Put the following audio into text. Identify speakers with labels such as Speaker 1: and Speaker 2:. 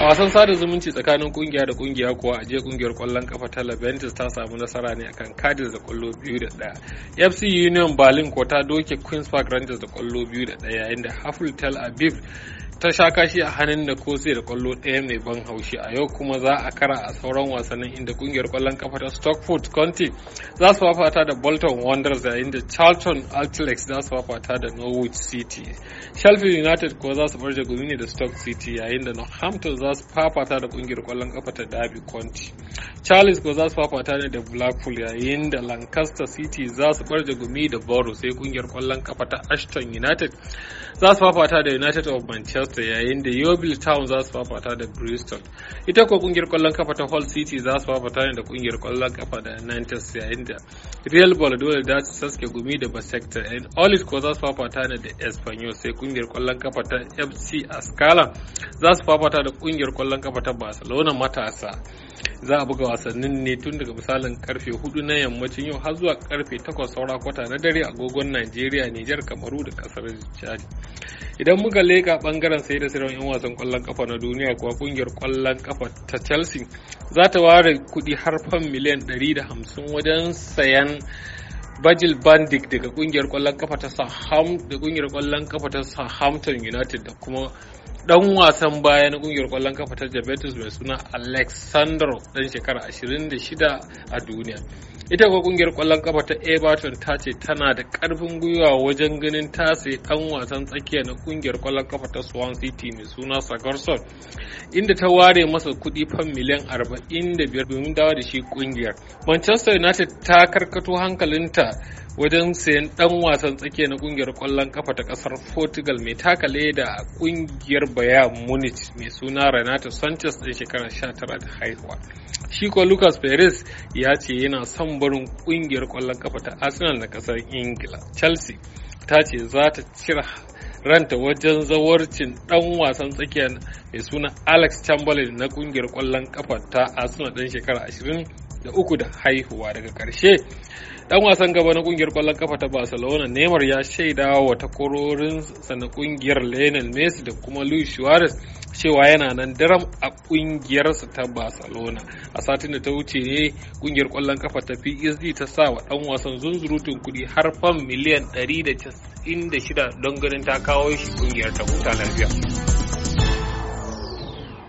Speaker 1: A wasan sada zumunci tsakanin kungiya da kungiya kuwa a jiya kungiyar kwallon kafa ta Leventis ta samu nasara ne akan Cadiz da kwallo biyu da ɗaya. FC Union Berlin ko ta doke Queens Park Rangers da kwallo biyu da ɗaya yayin da Haful Tel ta sha kashi a hannun da kotse da kwallo ɗaya mai ban haushi a yau kuma za a kara a sauran wasannin inda kungiyar kwallon kafa ta stockport county za su fafata da bolton wanderers yayin da charlton altlex za su fafata da norwich city sheffield united kuwa za su bar da gumi ne da stock city yayin da northampton za su fafata da kungiyar kwallon kafa ta derby county charles kuwa za su fafata ne da blackpool yayin da lancaster city za su bar da gumi da borough sai kungiyar kwallon kafa ta ashton united za su fafata da united of manchester Manchester yayin da Yeovil Town za su fafata da Bristol. Ita ko kungiyar kwallon kafa ta Hull City za su fafata ne da kungiyar kwallon kafa da Nantes yayin da Real dole da su saske gumi da Basector. Yayin Olis ko za su fafata ne da Espanyol sai kungiyar kwallon kafa ta FC Ascala za su fafata da kungiyar kwallon kafa ta Barcelona matasa. za a buga wasannin ne tun daga misalin karfe 4 na yammacin yau har zuwa karfe 8 saura kwata na dare agogon Najeriya, Nijar, Kamaru da kasar Chad. Idan muka leka bangaren sai da sirrin 'yan wasan kwallon kafa na duniya kuwa kungiyar kwallon kafa ta Chelsea za ta ware kudi har fan miliyan 150 wajen sayan Virgil van Dijk daga kungiyar kwallon kafa ta sahamton United da kuma dan wasan baya na kungiyar kwallon kafa ta Juventus mai suna Alexandro dan shekara 26 a duniya ita kuwa kungiyar kwallon kafa ta everton ta ce tana da karfin gwiwa wajen ganin ta sai dan wasan tsakiya na kungiyar kwallon kafa ta swan city mai suna sagarson inda ta ware masa kudi fan miliyan 45 domin dawo da shi kungiyar manchester united ta karkato hankalinta wajen sayan dan wasan tsakiya na kungiyar kwallon kafa ta kasar portugal mai takale da kungiyar bayern munich mai suna renato sanchez din shekarar 19 da haihuwa shi ko lucas perez ya ce yana son barin kungiyar kwallon kafa ta arsenal na kasar ingila chelsea ta ce za ta cira ranta wajen zawarcin dan wasan tsakiya mai suna alex chamberlain na kungiyar kwallon kafa ta arsenal dan shekara ashirin. da uku da haihuwa daga karshe dan wasan gaba na kungiyar kwallon kafa ta barcelona neymar ya shaida wa takwarorin na kungiyar lionel messi da kuma luis suarez cewa yana nan daram a kungiyarsa ta barcelona a satin da ta wuce ne kungiyar kwallon kafa ta psd ta sa wa dan wasan zunzurutun kudi har fam miliyan 196 don ganin ta kawo shi kungiyar ta huta lafiya